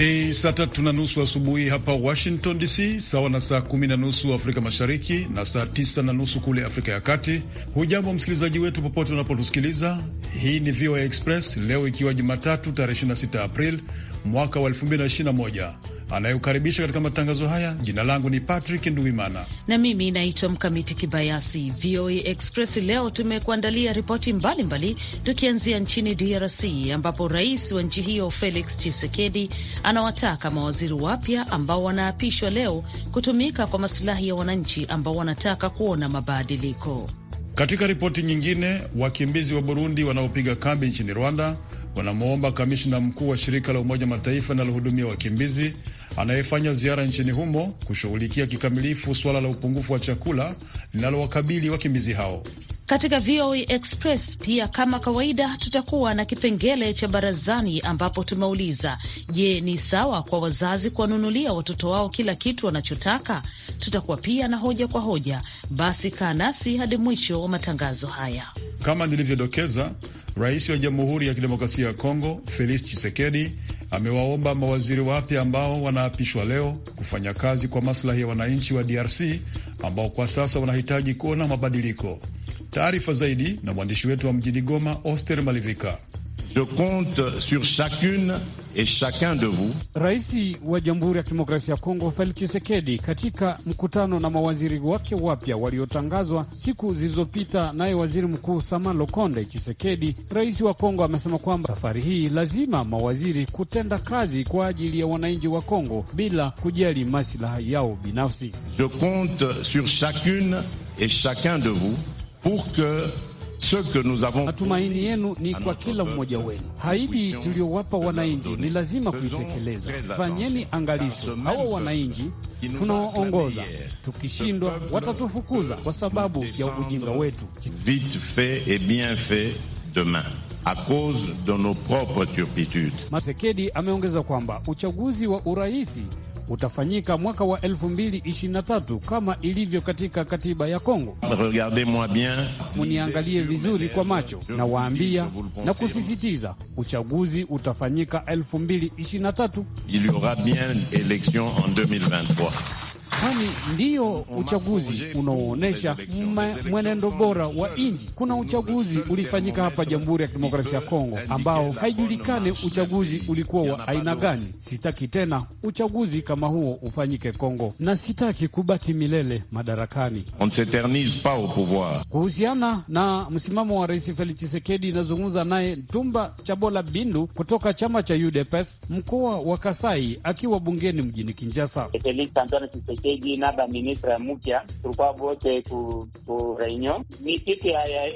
Ni saa tatu na nusu asubuhi wa hapa Washington DC, sawa na saa kumi na nusu Afrika Mashariki na saa tisa na nusu kule Afrika ya Kati. Hujambo msikilizaji wetu popote unapotusikiliza. Hii ni VOA Express leo ikiwa Jumatatu tarehe 26 april mwaka wa 2021 anayokaribisha katika matangazo haya. Jina langu ni Patrick Nduwimana na mimi naitwa Mkamiti Kibayasi. VOA Express leo tumekuandalia ripoti mbalimbali, tukianzia nchini DRC ambapo rais wa nchi hiyo Felix Chisekedi anawataka mawaziri wapya ambao wanaapishwa leo kutumika kwa masilahi ya wananchi ambao wanataka kuona mabadiliko. Katika ripoti nyingine, wakimbizi wa Burundi wanaopiga kambi nchini Rwanda wanamwomba kamishna mkuu wa shirika la Umoja Mataifa linalohudumia wakimbizi anayefanya ziara nchini humo kushughulikia kikamilifu suala la upungufu wa chakula linalowakabili wakimbizi hao. Katika VOA Express pia kama kawaida, tutakuwa na kipengele cha barazani, ambapo tumeuliza, je, ni sawa kwa wazazi kuwanunulia watoto wao kila kitu wanachotaka? Tutakuwa pia na hoja kwa hoja. Basi kaa nasi hadi mwisho wa matangazo haya. Kama nilivyodokeza, rais wa Jamhuri ya Kidemokrasia ya Kongo Felix Tshisekedi amewaomba mawaziri wapya ambao wanaapishwa leo kufanya kazi kwa maslahi ya wananchi wa DRC ambao kwa sasa wanahitaji kuona mabadiliko. Taarifa zaidi na mwandishi wetu wa mjini Goma, Oster Malivika. Je compte sur chacune et chacun de vous. Rais wa Jamhuri ya Kidemokrasia ya Kongo Felix Tshisekedi katika mkutano na mawaziri wake wapya waliotangazwa siku zilizopita naye Waziri Mkuu Sama Lokonde Tshisekedi, rais wa Kongo amesema kwamba safari hii lazima mawaziri kutenda kazi kwa ajili ya wananchi wa Kongo bila kujali masilaha yao binafsi. Je compte sur chacune et chacun de vous Matumaini yenu ni kwa kila mmoja wenu. Haidi tuliyowapa wananchi ni lazima kuitekeleza. Fanyeni angalizo, hawa wananchi tunaoongoza tukishindwa, watatufukuza kwa sababu ya ujinga wetu. Vite fait et bien fait demain a cause de nos propres turpitudes. Masekedi ameongeza kwamba uchaguzi wa uraisi utafanyika mwaka wa 2023 kama ilivyo katika katiba ya Kongo. Muniangalie vizuri kwa macho, nawaambia na kusisitiza, uchaguzi utafanyika 2023. Il y aura bien election en 2023 kwani ndiyo uchaguzi unaoonyesha mwenendo bora wa nchi. Kuna uchaguzi ulifanyika hapa Jamhuri ya Kidemokrasia ya Kongo ambao haijulikani uchaguzi ulikuwa wa aina gani. Sitaki tena uchaguzi kama huo ufanyike Kongo, na sitaki kubaki milele madarakani. Kuhusiana na msimamo wa Rais Felix Tshisekedi, inazungumza naye Tumba Chabola Bindu kutoka chama cha UDPS mkoa wa Kasai, akiwa bungeni mjini Kinshasa keji naba ministra mupya tulikuwa vote ku, ku reunion ni kitu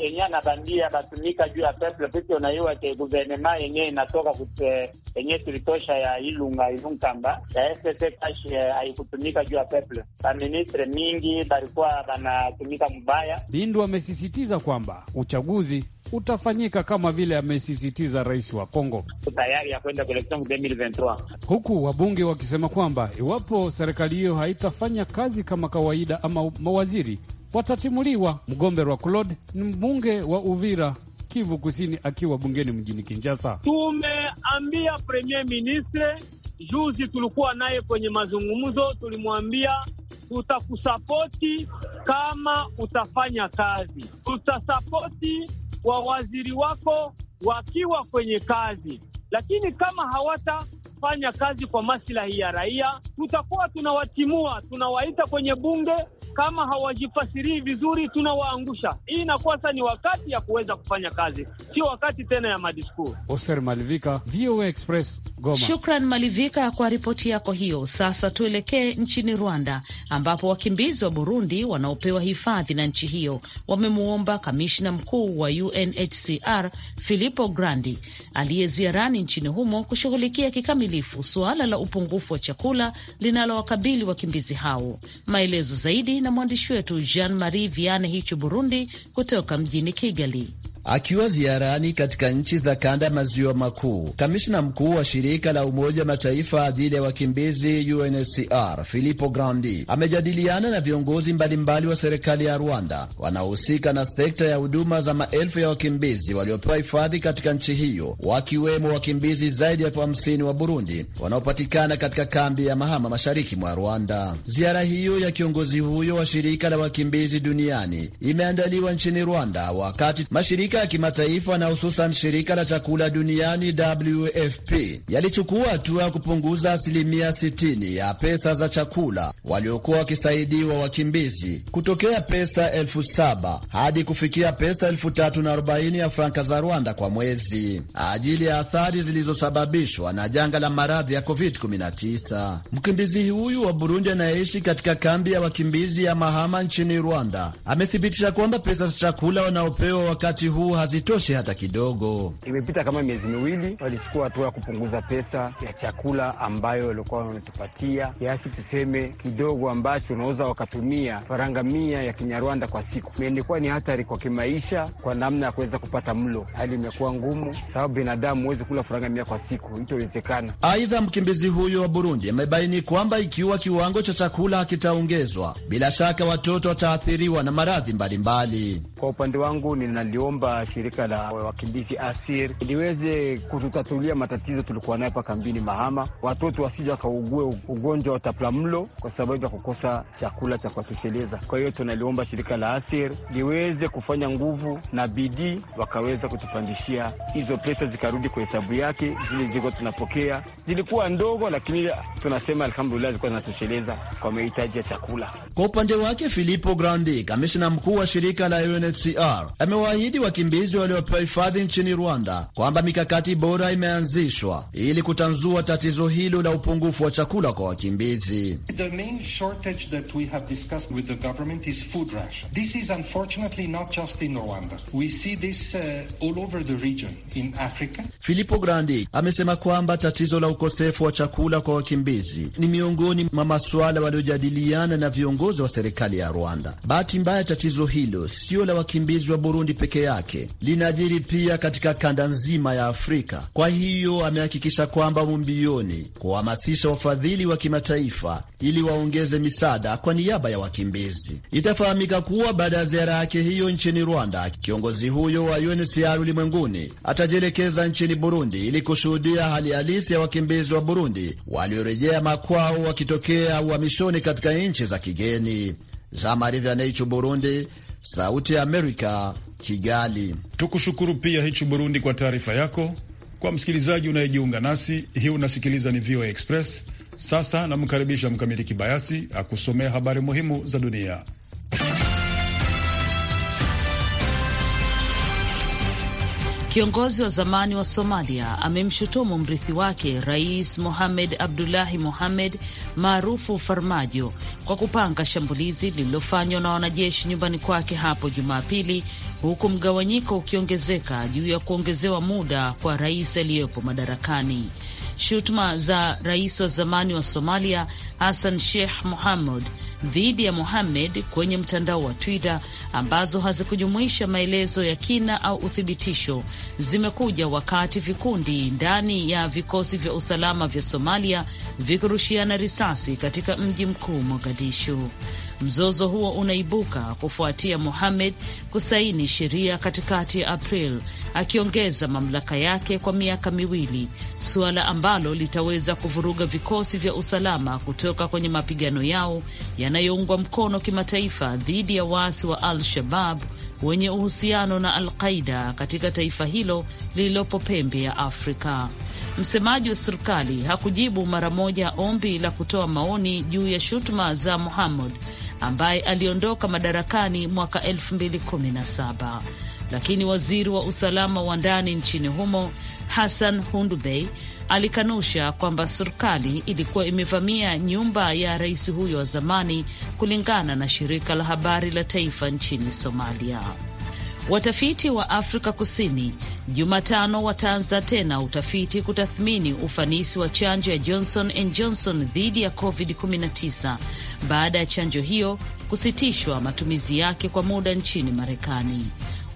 yenye anabambia batumika juu ya peple peple. Unaiwa ke guvernema yenye inatoka kute eh, yenye tulitosha ya ilunga ilunkamba ya FPP cash eh, haikutumika juu ya peple. Baministre mingi balikuwa banatumika mubaya. Bindu amesisitiza kwamba uchaguzi utafanyika kama vile amesisitiza rais wa Kongo tayari ya kwenda kuelekea 2023 huku wabunge wakisema kwamba iwapo serikali hiyo haitafanya kazi kama kawaida ama mawaziri watatimuliwa. Mgombe wa Claude ni mbunge wa Uvira Kivu Kusini akiwa bungeni mjini Kinshasa. Tumeambia premier ministre juzi, tulikuwa naye kwenye mazungumzo, tulimwambia tutakusapoti kama utafanya kazi, tutasapoti wawaziri wako wakiwa kwenye kazi, lakini kama hawata fanya kazi kwa maslahi ya raia, tutakuwa tunawatimua, tunawaita kwenye bunge. Kama hawajifasirii vizuri, tunawaangusha. Hii inakuwa sasa ni wakati ya kuweza kufanya kazi, sio wakati tena ya madiskuru. Oser Malivika, VOA Express, Goma. Shukran Malivika kwa ripoti yako hiyo. Sasa tuelekee nchini Rwanda ambapo wakimbizi wa Burundi wanaopewa hifadhi na nchi hiyo wamemwomba kamishna mkuu wa UNHCR Filippo Grandi aliye ziarani nchini humo kushughulikia kikamilifu kikamilifu suala la upungufu wa chakula linalowakabili wakimbizi hao. Maelezo zaidi na mwandishi wetu Jean Marie Viane Hicho Burundi, kutoka mjini Kigali. Akiwa ziarani katika nchi za kanda maziwa makuu, kamishna mkuu wa shirika la Umoja Mataifa ajili ya wakimbizi UNHCR Filippo Grandi amejadiliana na viongozi mbalimbali wa serikali ya Rwanda wanaohusika na sekta ya huduma za maelfu ya wakimbizi waliopewa hifadhi katika nchi hiyo, wakiwemo wakimbizi zaidi ya elfu hamsini wa Burundi wanaopatikana katika kambi ya Mahama mashariki mwa Rwanda. Ziara hiyo ya kiongozi huyo wa shirika la wakimbizi duniani imeandaliwa nchini Rwanda wakati mashirika mashirika ya kimataifa na hususan shirika la chakula duniani WFP yalichukua hatua ya kupunguza asilimia 60 ya pesa za chakula waliokuwa wakisaidiwa wakimbizi kutokea pesa elfu saba hadi kufikia pesa elfu tatu na arobaini ya franka za Rwanda kwa mwezi ajili ya athari zilizosababishwa na janga la maradhi ya COVID-19. Mkimbizi huyu wa Burundi anayeishi katika kambi ya wakimbizi ya Mahama nchini Rwanda amethibitisha kwamba pesa za chakula wanaopewa wakati huu nguvu hazitoshi hata kidogo. Imepita kama miezi miwili, walichukua hatua ya kupunguza pesa ya chakula ambayo walikuwa wanatupatia, kiasi tuseme kidogo ambacho unaweza wakatumia faranga mia ya Kinyarwanda kwa siku. Ilikuwa ni hatari kwa kimaisha, kwa namna ya kuweza kupata mlo. Hali imekuwa ngumu, sababu binadamu huwezi kula faranga mia kwa siku, hichowezekana. Aidha, mkimbizi huyo wa Burundi amebaini kwamba ikiwa kiwango cha chakula hakitaongezwa, bila shaka watoto wataathiriwa na maradhi mbalimbali. Kwa upande wangu ninaliomba shirika la wakimbizi ASIR liweze kututatulia matatizo tulikuwa nayo hapa kambini Mahama, watoto wasije wakaugue ugonjwa wa utapiamlo kwa sababu ya kukosa chakula cha kuwatosheleza. Kwa hiyo tunaliomba shirika la ASIR liweze kufanya nguvu na bidii, wakaweza kutupandishia hizo pesa zikarudi kwa hesabu yake. Zile zilikuwa tunapokea zilikuwa ndogo, lakini tunasema alhamdulillah, zilikuwa zinatosheleza kwa mahitaji ya chakula. Kwa upande wake Filipo Grandi, kamishna mkuu wa shirika la UNHCR, amewaahidi waki wakimbizi waliopewa hifadhi nchini Rwanda kwamba mikakati bora imeanzishwa ili kutanzua tatizo hilo la upungufu wa chakula kwa wakimbizi. Filippo Grandi amesema kwamba tatizo la ukosefu wa chakula kwa wakimbizi ni miongoni mwa masuala waliojadiliana na viongozi wa serikali ya Rwanda. Bahati mbaya, tatizo hilo sio la wakimbizi wa Burundi peke yake yake linajiri pia katika kanda nzima ya Afrika. Kwa hiyo amehakikisha kwamba mumbioni kuhamasisha wafadhili wa kimataifa ili waongeze misaada kwa niaba ya wakimbizi. Itafahamika kuwa baada ya ziara yake hiyo nchini Rwanda, kiongozi huyo wa UNHCR ulimwenguni atajielekeza nchini Burundi ili kushuhudia hali halisi ya wakimbizi wa Burundi waliorejea makwao wakitokea uhamishoni katika nchi za kigeni. Jean Marie Vianney, Burundi, Sauti ya Amerika, Kigali. Tukushukuru pia hichi Burundi kwa taarifa yako. Kwa msikilizaji unayejiunga nasi, hii unasikiliza ni VOA Express. Sasa namkaribisha Mkamiti Kibayasi akusomea habari muhimu za dunia. Kiongozi wa zamani wa Somalia amemshutumu mrithi wake Rais Mohamed Abdullahi Mohamed maarufu Farmajo kwa kupanga shambulizi lililofanywa na wanajeshi nyumbani kwake hapo Jumapili, huku mgawanyiko ukiongezeka juu ya kuongezewa muda kwa rais aliyepo madarakani. Shutuma za rais wa zamani wa Somalia Hassan Sheikh Mohamud dhidi ya Mohamed kwenye mtandao wa Twitter ambazo hazikujumuisha maelezo ya kina au uthibitisho zimekuja wakati vikundi ndani ya vikosi vya usalama vya Somalia vikirushiana risasi katika mji mkuu Mogadishu. Mzozo huo unaibuka kufuatia Mohamed kusaini sheria katikati ya April akiongeza mamlaka yake kwa miaka miwili, suala ambalo litaweza kuvuruga vikosi vya usalama kutoka kwenye mapigano yao yanayoungwa mkono kimataifa dhidi ya waasi wa Al-Shabab wenye uhusiano na Al-Qaida katika taifa hilo lililopo pembe ya Afrika. Msemaji wa serikali hakujibu mara moja ombi la kutoa maoni juu ya shutuma za Mohamed ambaye aliondoka madarakani mwaka 2017 lakini waziri wa usalama wa ndani nchini humo Hassan Hundubei alikanusha kwamba serikali ilikuwa imevamia nyumba ya rais huyo wa zamani, kulingana na shirika la habari la taifa nchini Somalia. Watafiti wa Afrika Kusini Jumatano wataanza tena utafiti kutathmini ufanisi wa chanjo ya Johnson and Johnson dhidi ya COVID-19 baada ya chanjo hiyo kusitishwa matumizi yake kwa muda nchini Marekani.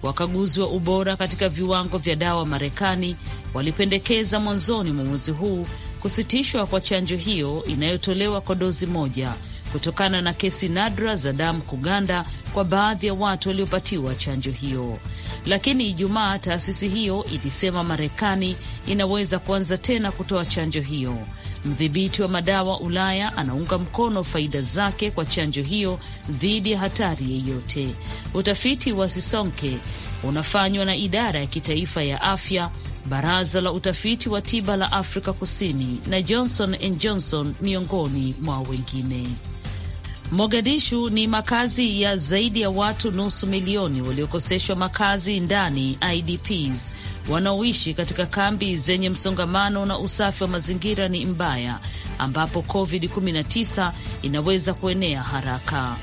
Wakaguzi wa ubora katika viwango vya dawa Marekani walipendekeza mwanzoni mwa mwezi huu kusitishwa kwa chanjo hiyo inayotolewa kwa dozi moja kutokana na kesi nadra za damu kuganda kwa baadhi ya watu waliopatiwa chanjo hiyo. Lakini Ijumaa taasisi hiyo ilisema Marekani inaweza kuanza tena kutoa chanjo hiyo. Mdhibiti wa madawa Ulaya anaunga mkono faida zake kwa chanjo hiyo dhidi ya hatari yeyote. Utafiti wa Sisonke unafanywa na idara ya kitaifa ya afya, baraza la utafiti wa tiba la Afrika Kusini na Johnson and Johnson miongoni mwa wengine. Mogadishu ni makazi ya zaidi ya watu nusu milioni waliokoseshwa makazi ndani IDPs wanaoishi katika kambi zenye msongamano na usafi wa mazingira ni mbaya, ambapo COVID-19 inaweza kuenea haraka.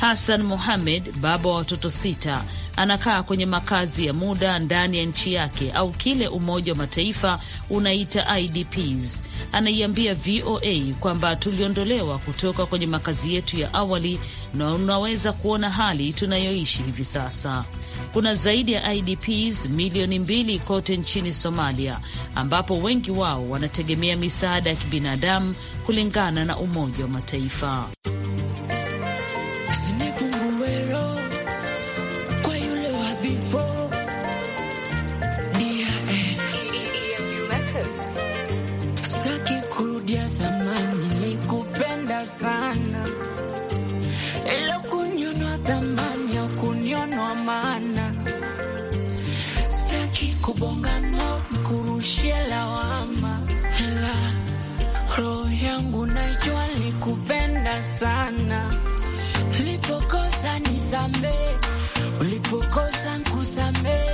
Hassan Mohamed, baba wa watoto sita, anakaa kwenye makazi ya muda ndani ya nchi yake au kile Umoja wa Mataifa unaita IDPs. Anaiambia VOA kwamba tuliondolewa kutoka kwenye makazi yetu ya awali na unaweza kuona hali tunayoishi hivi sasa. Kuna zaidi ya IDPs milioni mbili kote nchini Somalia, ambapo wengi wao wanategemea misaada ya kibinadamu kulingana na Umoja wa Mataifa. nikusamehe ulipokosa nikusamehe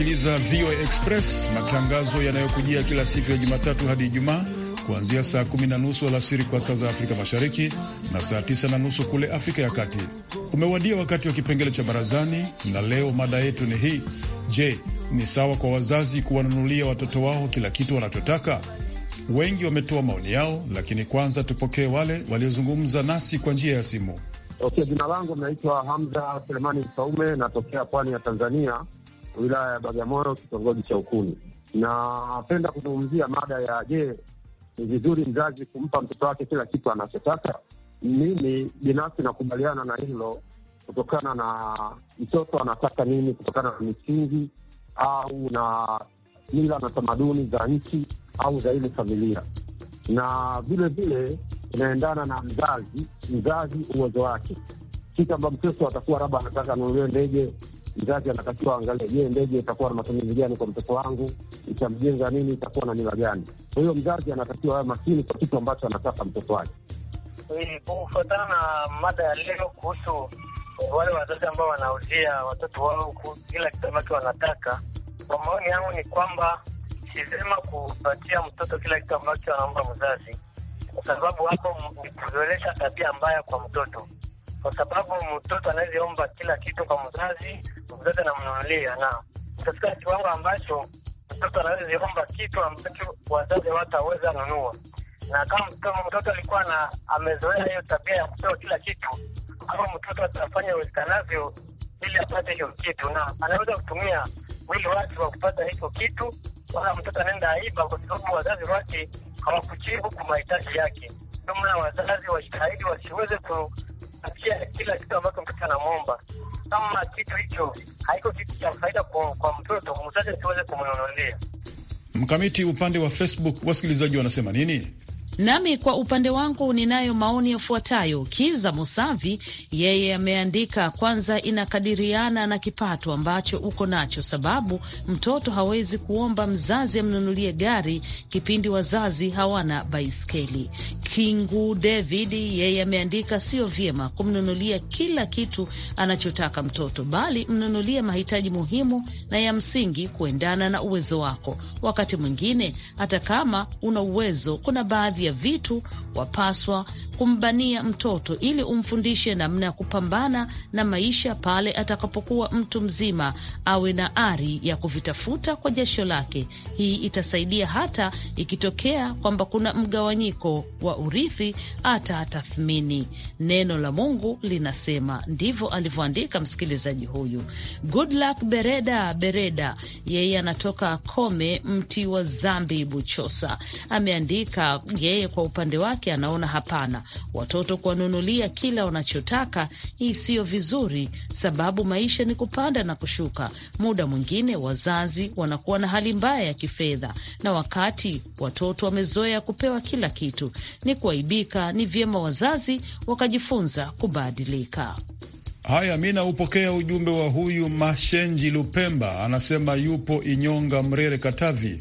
unasikiliza VOA Express, matangazo yanayokujia kila siku ya Jumatatu hadi Ijumaa kuanzia saa kumi na nusu alasiri kwa saa za Afrika Mashariki na saa tisa na nusu kule Afrika ya Kati. Umewadia wakati wa kipengele cha barazani, na leo mada yetu ni hii: Je, ni sawa kwa wazazi kuwanunulia watoto wao kila kitu wanachotaka? Wengi wametoa maoni yao, lakini kwanza tupokee wale waliozungumza nasi kwa njia ya simu. Okay, jina langu naitwa Hamza Selemani Saume, natokea pwani ya Tanzania wilaya ya Bagamoyo, kitongoji cha Ukuni. Napenda kuzungumzia mada ya je, ni vizuri mzazi kumpa mtoto wake kila kitu anachotaka? Mimi binafsi nakubaliana na hilo kutokana na mtoto anataka nini, kutokana na misingi au na mila na tamaduni za nchi au za ile familia, na vile vile inaendana na mzazi mzazi uwezo wake, kitu ambayo mtoto atakuwa labda anataka anunuliwe ndege mzazi anatakiwa angalia je, ndege itakuwa na matumizi gani kwa mtoto wangu? Itamjenga nini? Itakuwa na mila gani? Kwa hiyo mzazi anatakiwa awe makini kwa kitu ambacho anataka mtoto wake. Eh, kufuatana na mada ya leo kuhusu wale wazazi ambao wanauzia watoto wao kila kitu ambacho wanataka, kwa maoni yangu ni kwamba si vema kupatia mtoto kila kitu ambacho anaomba mzazi, kwa sababu hapo ni kuzoelesha tabia mbaya kwa mtoto kwa sababu mtoto anaweza omba kila kitu kwa mzazi, mzazi anamnunulia, na katika kiwango ambacho mtoto anaweza omba kitu ambacho wazazi wataweza nunua, na kama mtoto alikuwa na amezoea hiyo tabia ya kupewa kila kitu, au mtoto atafanya uwezekanavyo ili apate hiyo kitu, na anaweza kutumia mwili wake wa kupata hicho kitu, wala mtoto anaenda aiba, kwa sababu wazazi wake hawakuchibu kwa mahitaji yake. Ndio maana wazazi wajitahidi wasiweze pia kila kitu ambacho mtoto anamwomba, kama kitu hicho haiko kitu cha faida kwa mtoto, mzazi asiweze kumnunulia. Mkamiti, upande wa Facebook wasikilizaji wanasema nini? Nami kwa upande wangu ninayo maoni yafuatayo. Kiza Musavi yeye ameandika, kwanza inakadiriana na kipato ambacho uko nacho, sababu mtoto hawezi kuomba mzazi amnunulie gari kipindi wazazi hawana baiskeli. Kingu David yeye ameandika, sio vyema kumnunulia kila kitu anachotaka mtoto, bali mnunulie mahitaji muhimu na ya msingi kuendana na uwezo wako. Wakati mwingine hata kama una uwezo, kuna baadhi ya vitu wapaswa kumbania mtoto ili umfundishe namna ya kupambana na maisha pale atakapokuwa mtu mzima, awe na ari ya kuvitafuta kwa jasho lake. Hii itasaidia hata ikitokea kwamba kuna mgawanyiko wa urithi, hata atathmini. Neno la Mungu linasema ndivyo alivyoandika msikilizaji huyu Goodluck Bereda Bereda, yeye anatoka Kome mti wa zambi Buchosa, ameandika yeye yeye kwa upande wake anaona hapana, watoto kuwanunulia kila wanachotaka, hii siyo vizuri, sababu maisha ni kupanda na kushuka. Muda mwingine wazazi wanakuwa na hali mbaya ya kifedha, na wakati watoto wamezoea kupewa kila kitu ni kuaibika. Ni vyema wazazi wakajifunza kubadilika. Haya, mi naupokea ujumbe wa huyu Mashenji Lupemba, anasema yupo Inyonga, Mrere, Katavi.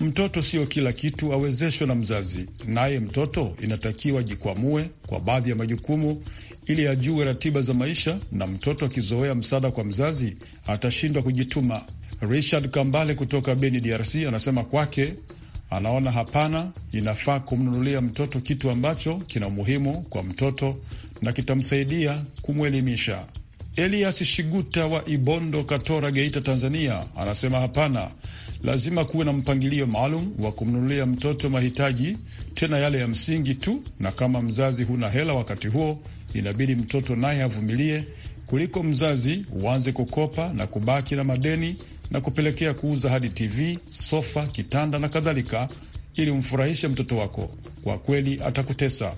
Mtoto sio kila kitu awezeshwe na mzazi, naye mtoto inatakiwa jikwamue kwa baadhi ya majukumu ili ajue ratiba za maisha, na mtoto akizoea msaada kwa mzazi atashindwa kujituma. Richard Kambale kutoka Beni, DRC, anasema kwake anaona hapana, inafaa kumnunulia mtoto kitu ambacho kina umuhimu kwa mtoto na kitamsaidia kumwelimisha. Elias Shiguta wa Ibondo, Katora, Geita, Tanzania, anasema hapana, lazima kuwe na mpangilio maalum wa kumnunulia mtoto mahitaji, tena yale ya msingi tu, na kama mzazi huna hela wakati huo, inabidi mtoto naye avumilie, kuliko mzazi uanze kukopa na kubaki na madeni na kupelekea kuuza hadi TV, sofa, kitanda na kadhalika, ili umfurahishe mtoto wako. Kwa kweli atakutesa.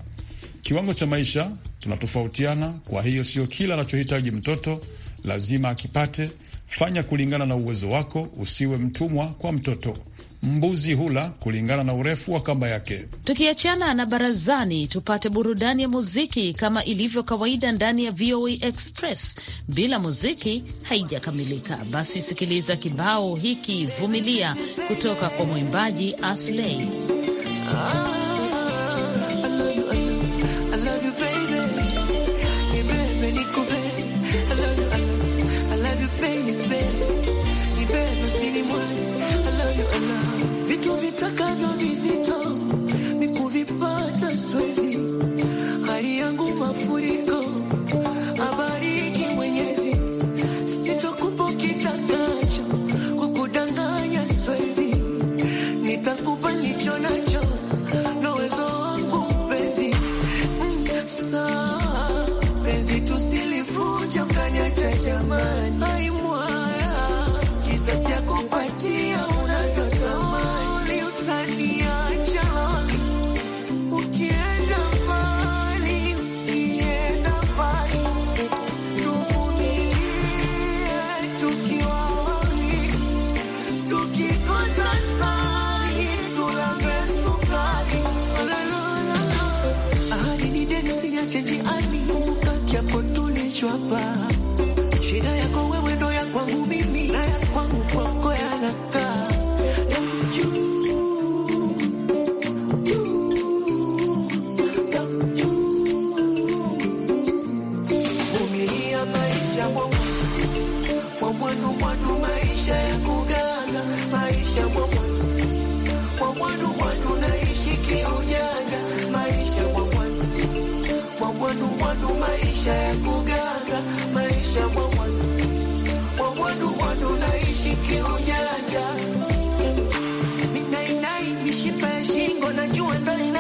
Kiwango cha maisha tunatofautiana, kwa hiyo sio kila anachohitaji mtoto lazima akipate Fanya kulingana na uwezo wako, usiwe mtumwa kwa mtoto. Mbuzi hula kulingana na urefu wa kamba yake. Tukiachana na barazani, tupate burudani ya muziki kama ilivyo kawaida ndani ya VOA Express. Bila muziki haijakamilika. Basi sikiliza kibao hiki, Vumilia, kutoka kwa mwimbaji Aslay. mwandu, maisha ya kuganga, maisha mwa mwandu, mwa mwandu, mwandu naishi kiujanja, maisha mwa mwandu, mwa mwandu, mwandu maisha ya kuganga, maisha mwa mwandu, mwa mwandu, mwandu naishi kiujanja, minainai mishipa ya shingo na ndani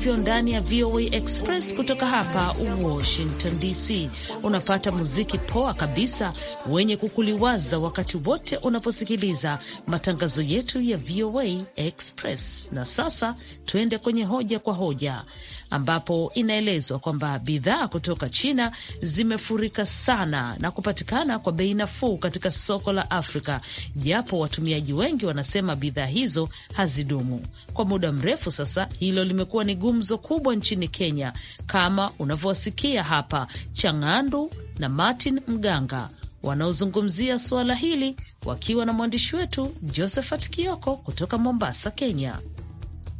ilivyo ndani ya VOA Express kutoka hapa Washington DC. Unapata muziki poa kabisa wenye kukuliwaza wakati wote unaposikiliza matangazo yetu ya VOA Express. Na sasa tuende kwenye hoja kwa hoja ambapo inaelezwa kwamba bidhaa kutoka China zimefurika sana na kupatikana kwa bei nafuu katika soko la Afrika, japo watumiaji wengi wanasema bidhaa hizo hazidumu kwa muda mrefu. Sasa hilo limekuwa ni gumzo kubwa nchini Kenya, kama unavyowasikia hapa Chang'andu na Martin Mganga wanaozungumzia suala hili wakiwa na mwandishi wetu Josephat Kioko kutoka Mombasa, Kenya.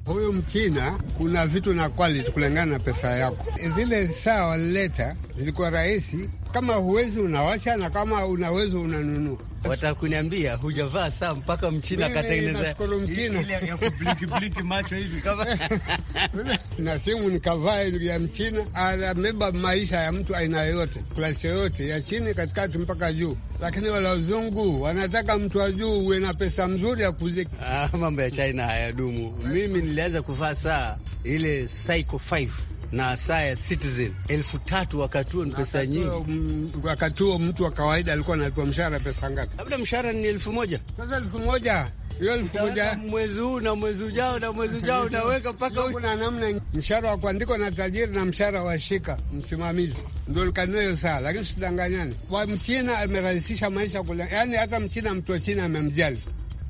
Huyu Mchina kuna vitu na quality kulingana na pesa yako. Zile saa walileta zilikuwa rahisi kama huwezi unawacha, na kama unaweza unanunua. Watakuniambia hujavaa saa mpaka mchina akatengeneza na simu nikavaa ya mchina. Anabeba maisha ya mtu aina yote, klasi yoyote, ya chini, katikati mpaka juu. Lakini wala uzungu wanataka mtu wa juu uwe na pesa mzuri ya kuziki. Ah, mambo ya China hayadumu. Mimi nilianza kuvaa saa ile Psycho 5 na saa ya Citizen elfu tatu wakati huo ni pesa nyingi. Mm, wakati huo mtu wa kawaida alikuwa analipwa mshahara pesa ngapi? Labda mshahara ni elfu moja Sasa elfu moja hiyo elfu moja mwezi huu na mwezi ujao na mwezi ujao naweka mpaka na namna, mshahara wa kuandikwa na tajiri na mshahara wa shika msimamizi ndo nikanua hiyo saa. Lakini sidanganyani, wa mchina amerahisisha maisha kule, yaani hata mchina mtu wa China amemjali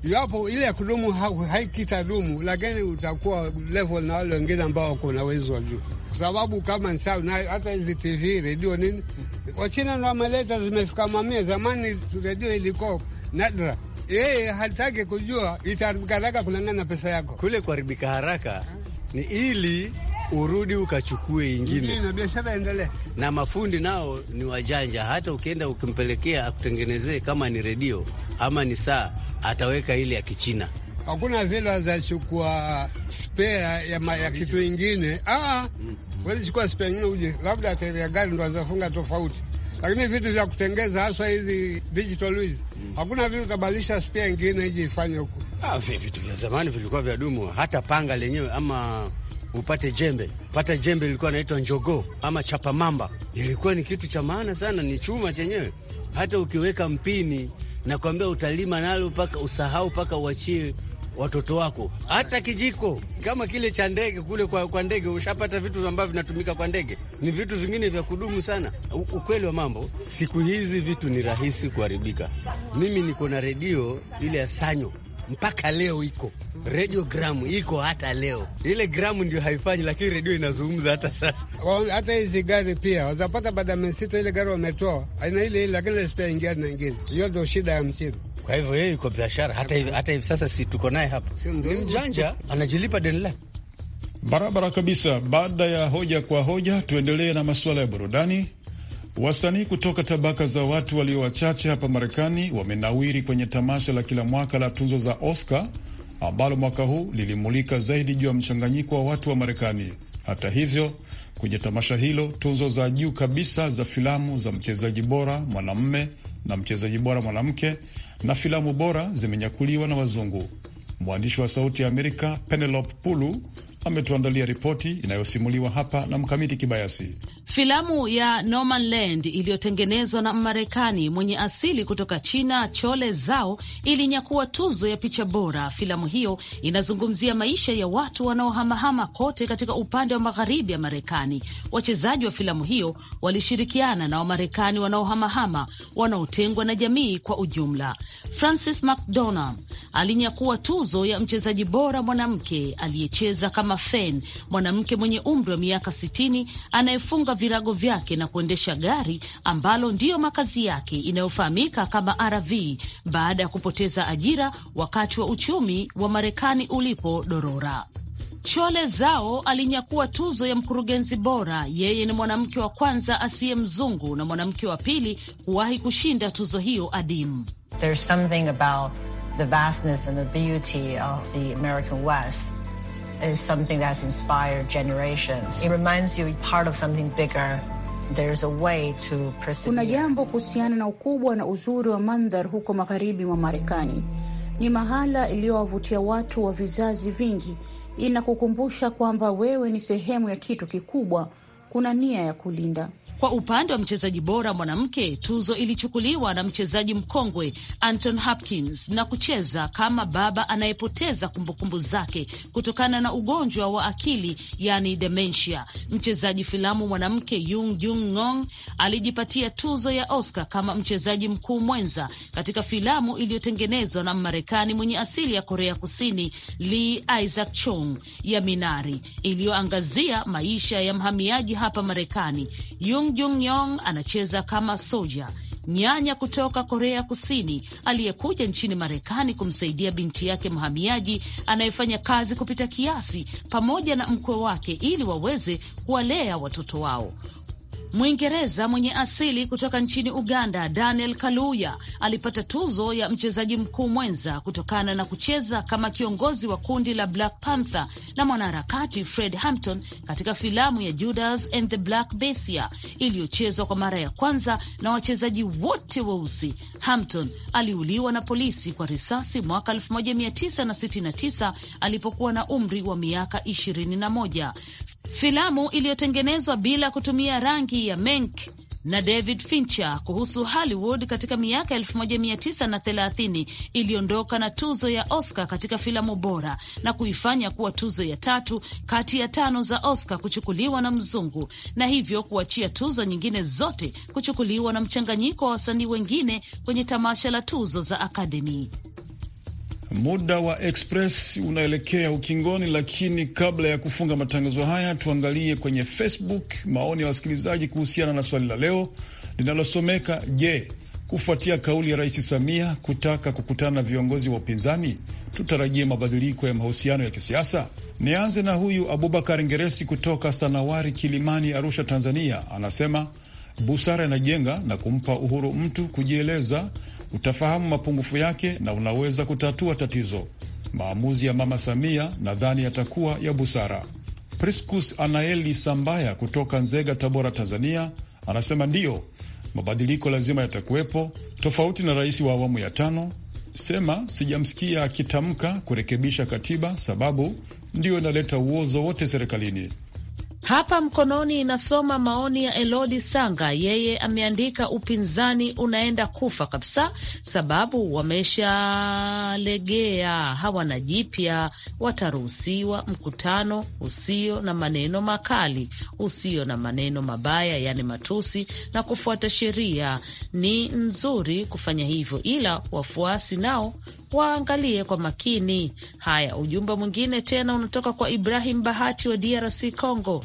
Iwapo ile ya kudumu haikitadumu, lakini utakuwa level na wale wengine ambao wako na uwezo wa juu, sababu kama nsawa nayo hata hizi TV redio nini, Wachina ndo wameleta zimefika mamia. Zamani redio ilikuwa nadra yeye hataki kujua itaharibika haraka kulingana na pesa yako. Kule kuharibika haraka ni ili urudi ukachukue ingine, na biashara endelee. Na mafundi nao ni wajanja, hata ukienda ukimpelekea akutengenezee, kama ni redio ama ni saa, ataweka ile ya Kichina. Hakuna vile wazachukua spea ya, ma, ya kitu ingine ah, ah. mm. Wezi chukua spea ingine uje, labda tairi ya gari ndo wazafunga tofauti, lakini vitu vya kutengeza haswa hizi digital hizi mm. Hakuna vile utabadilisha spea ingine ije ifanye huku. Ah, vitu vya zamani vilikuwa vya dumu, hata panga lenyewe ama upate jembe. Pata jembe ilikuwa naitwa njogo ama chapamamba, ilikuwa ni kitu cha maana sana, ni chuma chenyewe. Hata ukiweka mpini na kuambia utalima nalo mpaka usahau, mpaka uachie watoto wako. Hata kijiko kama kile cha ndege kule kwa, kwa ndege ushapata vitu ambavyo vinatumika kwa ndege, ni vitu vingine vya kudumu sana. U, ukweli wa mambo, siku hizi vitu ni rahisi kuharibika. Mimi niko na redio ile ya sanyo mpaka leo iko redio gramu iko hata leo. Ile gramu ndio haifanyi, lakini redio inazungumza hata sasa. Hata hizi gari pia wazapata baada ya mesita, ile gari wametoa aina ile ile, lakini spea ingia na ingine. Hiyo ndio shida ya msitu. Kwa hivyo yeye iko biashara hata hivi, hata hivi sasa, si tuko naye hapa, ni mjanja, anajilipa deni lake barabara kabisa. Baada ya hoja kwa hoja, tuendelee na masuala ya burudani. Wasanii kutoka tabaka za watu walio wachache hapa Marekani wamenawiri kwenye tamasha la kila mwaka la tuzo za Oscar ambalo mwaka huu lilimulika zaidi juu ya mchanganyiko wa watu wa Marekani. Hata hivyo, kwenye tamasha hilo tuzo za juu kabisa za filamu za mchezaji bora mwanamme na mchezaji bora mwanamke na filamu bora zimenyakuliwa na wazungu. Mwandishi wa Sauti ya Amerika Penelope Pulu ametuandalia ripoti inayosimuliwa hapa na Mkamiti Kibayasi. Filamu ya land iliyotengenezwa na Mmarekani mwenye asili kutoka China, Chole zao ilinyakua tuzo ya picha bora. Filamu hiyo inazungumzia maisha ya watu wanaohamahama kote katika upande wa magharibi ya Marekani. Wachezaji wa filamu hiyo walishirikiana na Wamarekani wanaohamahama wanaotengwa na jamii kwa ujumla. Francis McDonald alinyakua tuzo ya mchezaji bora mwanamke aliyecheza kama Fen, mwanamke mwenye umri wa miaka sitini anayefunga virago vyake na kuendesha gari ambalo ndiyo makazi yake inayofahamika kama RV baada ya kupoteza ajira wakati wa uchumi wa Marekani ulipo dorora. Chole Zao alinyakua tuzo ya mkurugenzi bora. Yeye ni mwanamke wa kwanza asiye mzungu na mwanamke wa pili kuwahi kushinda tuzo hiyo adimu. There's something about the vastness and the beauty of the American West is something that's inspired generations. It reminds you part of something bigger. There's a way to persevere. Kuna jambo kuhusiana na ukubwa na uzuri wa huko magharibi mwa Marekani. Ni mahala iliyowavutia watu wa vizazi vingi. Inakukumbusha kwamba wewe ni sehemu ya kitu kikubwa. Kuna nia ya kulinda Kwa upande wa mchezaji bora mwanamke, tuzo ilichukuliwa na mchezaji mkongwe Anton Hopkins na kucheza kama baba anayepoteza kumbukumbu zake kutokana na ugonjwa wa akili, yani dementia. Mchezaji filamu mwanamke Yung Jung Ngong alijipatia tuzo ya Oscar kama mchezaji mkuu mwenza katika filamu iliyotengenezwa na Mmarekani mwenye asili ya Korea Kusini Lee Isaac Chung ya Minari, iliyoangazia maisha ya mhamiaji hapa Marekani. Yung Kim Jong Yong anacheza kama soja nyanya kutoka Korea Kusini aliyekuja nchini Marekani kumsaidia binti yake mhamiaji anayefanya kazi kupita kiasi pamoja na mkwe wake ili waweze kuwalea watoto wao. Mwingereza mwenye asili kutoka nchini Uganda, Daniel Kaluuya alipata tuzo ya mchezaji mkuu mwenza kutokana na kucheza kama kiongozi wa kundi la Black Panther na mwanaharakati Fred Hampton katika filamu ya Judas and the Black Messiah iliyochezwa kwa mara ya kwanza na wachezaji wote weusi. Hampton aliuliwa na polisi kwa risasi mwaka 1969 alipokuwa na umri wa miaka 21 filamu iliyotengenezwa bila kutumia rangi ya Menk na David Fincher kuhusu Hollywood katika miaka 1930 iliondoka na tuzo ya Oscar katika filamu bora na kuifanya kuwa tuzo ya tatu kati ya tano za Oscar kuchukuliwa na mzungu na hivyo kuachia tuzo nyingine zote kuchukuliwa na mchanganyiko wa wasanii wengine kwenye tamasha la tuzo za Academy. Muda wa Express unaelekea ukingoni, lakini kabla ya kufunga matangazo haya, tuangalie kwenye Facebook maoni ya wasikilizaji kuhusiana na swali la leo linalosomeka je, kufuatia kauli ya Rais Samia kutaka kukutana na viongozi wa upinzani tutarajie mabadiliko ya mahusiano ya kisiasa? Nianze na huyu Abubakar Ngeresi kutoka Sanawari, Kilimani, Arusha, Tanzania, anasema busara inajenga na kumpa uhuru mtu kujieleza utafahamu mapungufu yake na unaweza kutatua tatizo. Maamuzi ya Mama Samia nadhani yatakuwa ya busara. Priscus Anaeli Sambaya kutoka Nzega, Tabora, Tanzania anasema ndiyo, mabadiliko lazima yatakuwepo, tofauti na rais wa awamu ya tano. Sema sijamsikia akitamka kurekebisha katiba, sababu ndiyo inaleta uozo wote serikalini. Hapa mkononi inasoma maoni ya Elodi Sanga. Yeye ameandika upinzani unaenda kufa kabisa, sababu wameshalegea, hawana jipya. Wataruhusiwa mkutano usio na maneno makali, usio na maneno mabaya, yani matusi, na kufuata sheria. Ni nzuri kufanya hivyo, ila wafuasi nao waangalie kwa makini. Haya, ujumbe mwingine tena unatoka kwa Ibrahim Bahati wa DRC Congo.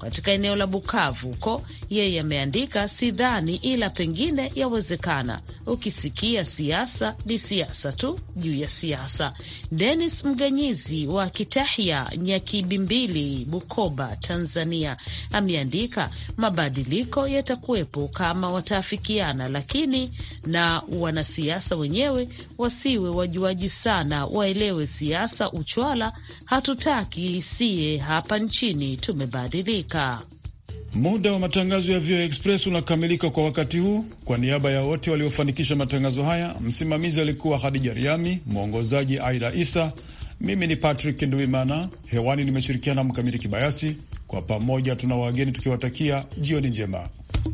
katika eneo la Bukavu huko. Yeye ameandika sidhani, ila pengine yawezekana. Ukisikia siasa ni siasa tu juu ya siasa. Denis Mganyizi wa Kitahya Nyakibimbili, Bukoba, Tanzania ameandika mabadiliko yatakuwepo kama wataafikiana, lakini na wanasiasa wenyewe wasiwe wajuaji sana, waelewe siasa uchwala hatutaki sie hapa nchini, tumebadilika. Amerika. Muda wa matangazo ya VOA Express unakamilika kwa wakati huu. Kwa niaba ya wote waliofanikisha matangazo haya, msimamizi alikuwa Hadija Riami, mwongozaji Aida Isa, mimi ni Patrick Nduimana, hewani nimeshirikiana Mkamiti Kibayasi. Kwa pamoja tuna wageni tukiwatakia jioni njema.